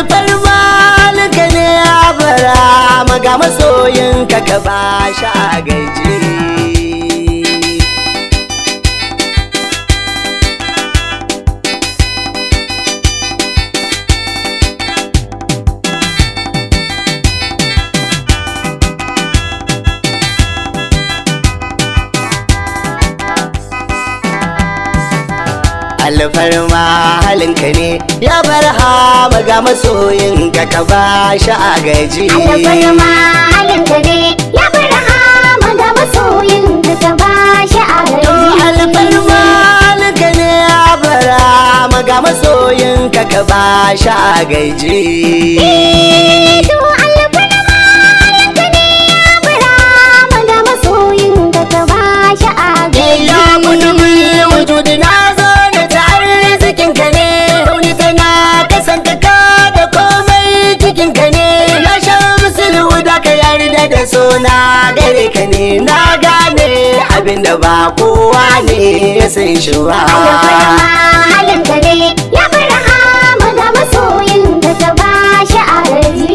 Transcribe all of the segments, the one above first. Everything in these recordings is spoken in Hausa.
alfarma ka ne ya bara maga masoyinka ka ba shi a alfarma halinka ne ya bar ha ga masoyin ka ka ba shi a gaji alfarma halinka ne ya bar ha ga masoyin ka ka ba shi a gaji alfarma halinka ne ya bar ha ga masoyin ka ka ba shi a gaji eh, suna gare ka ne na gane abinda ba kowa ne ya san shi ba halin ka ne ya fara maga masoyin ka ta ba shi a raji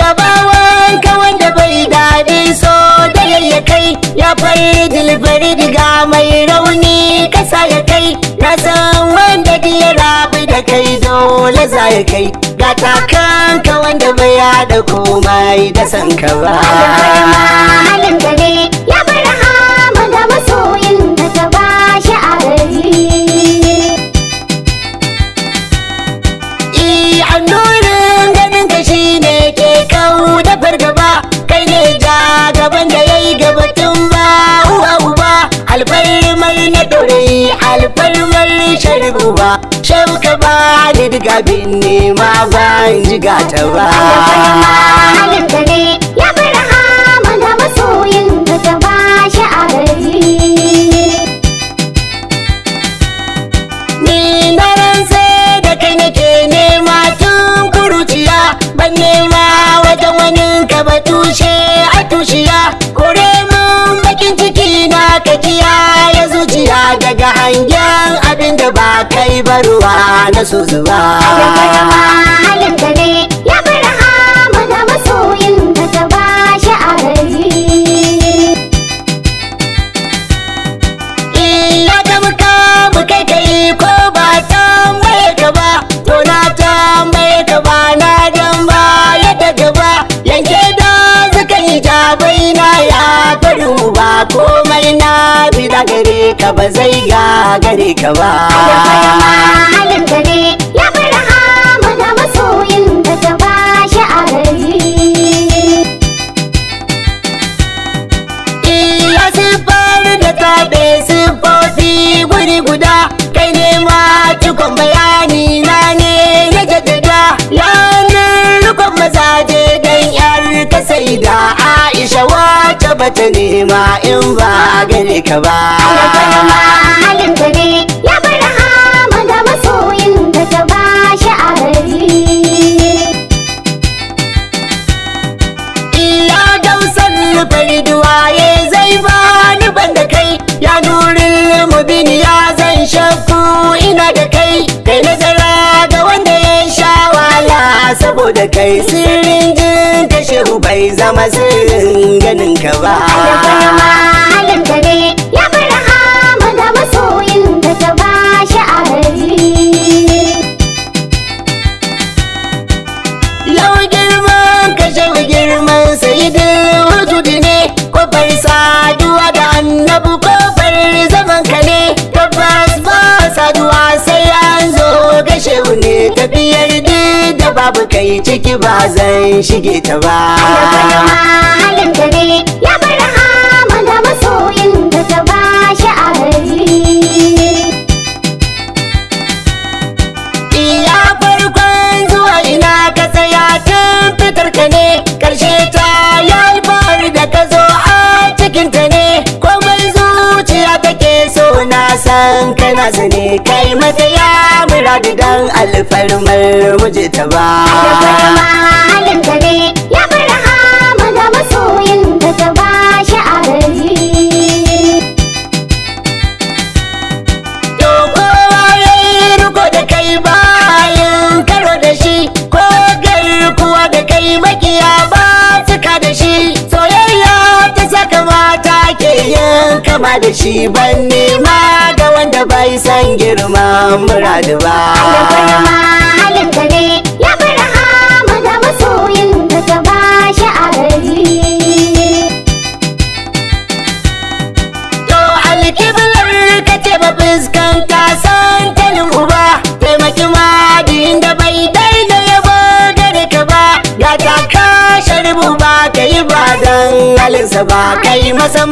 gabawan ka wanda bai daɗi so da ya kai ya fari dilbari diga mai rauni ƙasa ya kai na san wanda ya rabu da kai dole za ya kai ga takanka wanda bai yada komai da sanka ba uba shehu ka ba diga bin nema ba in ji gata ba halin da ne ya bar hama ga masoyin ta ba shi a gaji ni na ranse da kai nake nema tun kuruciya ban nema wajen wani ka ba na ka ya zuciya daga hangen abinda ba kai ba na so zuba. da ne komai na bi da gare ka ba zai gagare ka ba halin gare ya bar hama da masoyin da ta ba shi a garji iya siffar da ta bai siffofi guri guda kai ne ma cikon bayan bata nema in ba gani ka ba halin ta ne ya bar hama masoyin da ta ba shi a ya gamsar nufari duwaye zai ba ni ban da kai ya nurin mubin ya zan shakku ina da kai kai nazara ga wanda ya sha wala saboda kai sirrin bai zama sirrin ganin ka ba malamta ne ya bar hama ga masoyin ta ba shi a Lau girman ka girman sayidin wujudi ne kofar saduwa da annabu kofar zaman ka ne tabbas ba saduwa sai an zo gashe ne tafiyar babu kai ciki ba zan shige ta ba halin ka ne kama da shi ban nema Da wanda bai san girma muradu ba halin ka ne ya bar hama ga masoyin da ka ba shi a gari to alkiblar ka ce ba fuskan ka uba taimaki madin da bai daida ya gare ka ba ya ta kashe rubu ba ka yi ba don halinsa ba ka yi masa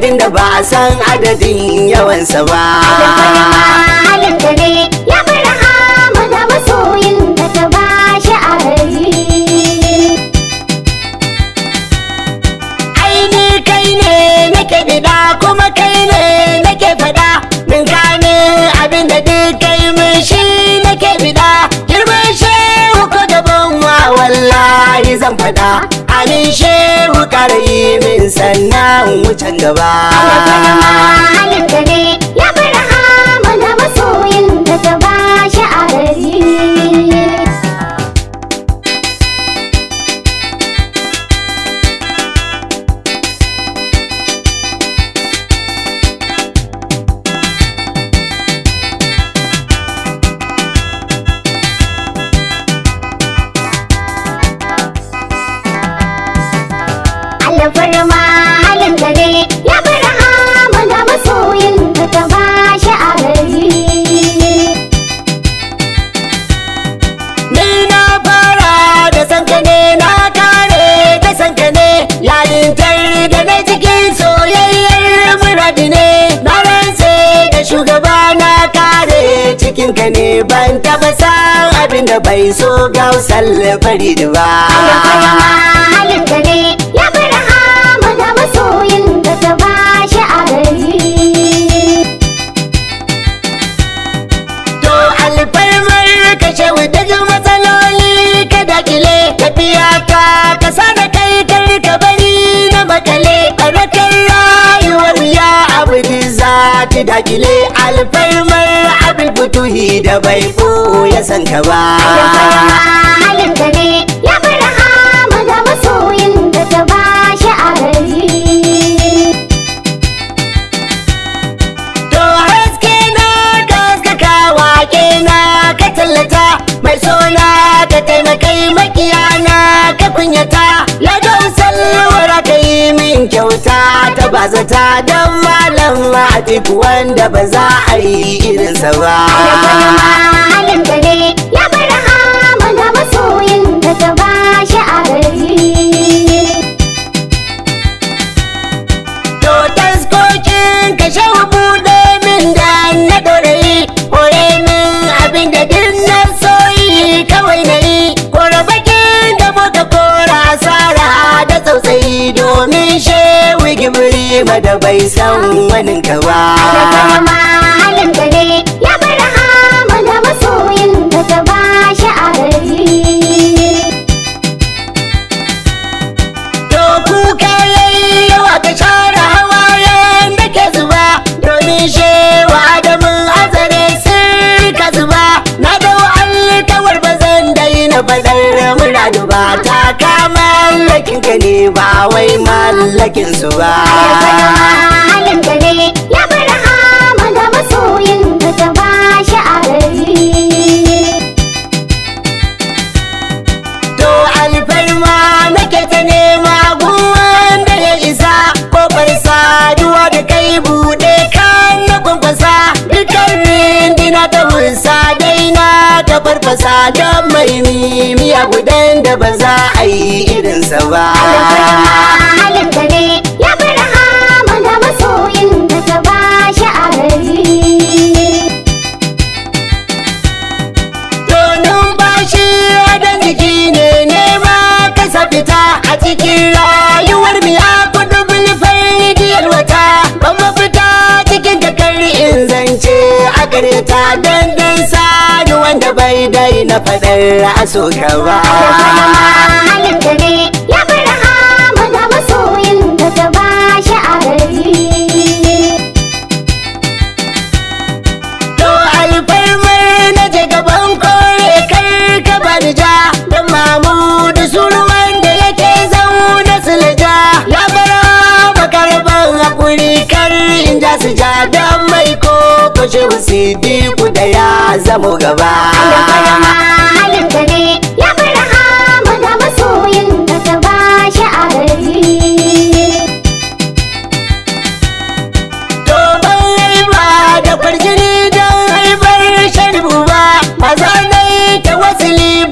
adadin da ba a san adadin yawansa ba ne ya fara ba a kai ne nake kuma bari zan fada amin shehu kare yi min sannan wucen gaba halin ka ne ya bar hamala masoyin da ta ba shi a alfarma halin gare ya bar hama ga masoyin ka ta ba shi a gaji ni na fara da ka ne na kare da ka ne yarintar da na cikin soyayyar muradi ne na rantse da shugaba na kare cikin ka ne ban taba san abin da bai so ga wasan labari da ba. su dakile alfarmar abin da bai fo ya santa ba hama ga masoyin ta ba shi a to haske na gaskaka wake na ka tallata mai sona ka taimakai makiyana ka kunyata ya ga salwara ka yi min kyauta ta bazata matik wanda ba za a yi irinsa ba halin gare ya bar hama ga masoyin ta ba shi a garji to taskokin ka shawa da na ɗorayi hore min abin da duk na soyi kawai na yi korobakin da muka kora sara da tsautsayi domin shewi kai ba da bai san wani ka ba ma halin ka ne ya bar hama masoyin da ka ba shi a garji to kuka yayi yawa ka share hawayen da ke zuba domin shewa adamin azare sun ka zuba na dau alkawar ba zan daina bazar muradu ba ta kama ne ba wai mallakinsu ba da ba za a yi irinsa ba daidai na faɗar aso gaba halin da ne ya bar hama ga masoyin da shi a garji to alfarmar na je gaban kore kar ka bani ja da mamu da surman da yake zaune silja ya bar makarban hakuri kar in so shehu sidiku da ya zamo gaba halin ka ne ya fara mu ga masoyin da ka ba shi a garji Doban haiba da kwarjini don haifar sharibu ba maza dai ta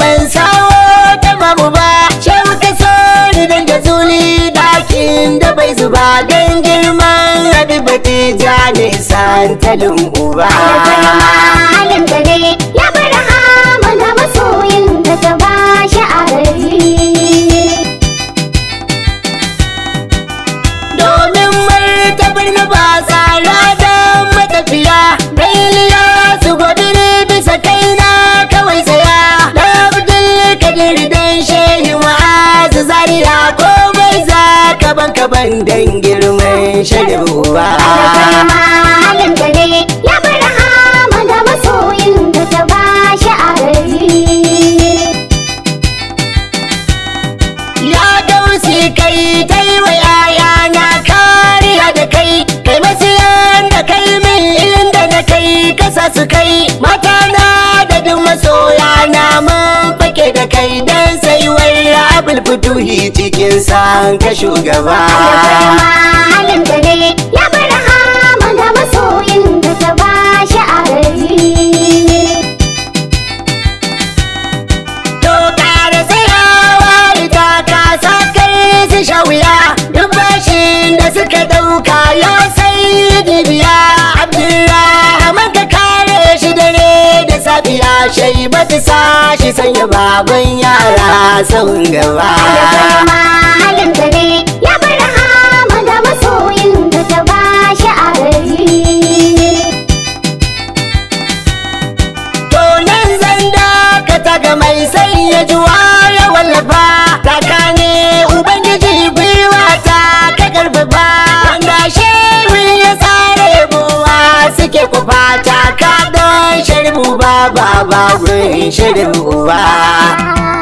ban sawo ta mamu ba shan ka so ni don da zuli dakin da bai zuba fi ja nisan talin uba. Halin da ne ya bar hama ga masoyin da ta ba shi a Domin martabar na ba tsara don matafiya, bailiya su gwadiri bisa kai na kawai saya. Na fi kadir dan shehi ma'azu zariya komai za kaban kaban dangin gaishe da ruwa halin da ne ya bar hama da masoyin ta ba shi a gaji ya dausi kai ta yi wa kariya da kai kai masiyan da kai min inda na kai kasa su kai mata na da masoya na mun fake da kai dan sai babul fituhi cikin sa ka shugaba halin da ne ya bar hama ga masoyin da ta ba shi a to kare tsayawa riga ka sa kai su shawiya duk da suka dauka ya sai dibiya shai ba ta sashi sanya baban yara sahun gaba. Malam ka ne ya bar hama da masoyin ta ba shi a gaji. To zan dakata ga mai sai ya ji ya wallafa ta kane ubangiji gwiwa ta ka karfafa. Wanda shehu ya sare buwa suke kufata. baba gurin shirin uba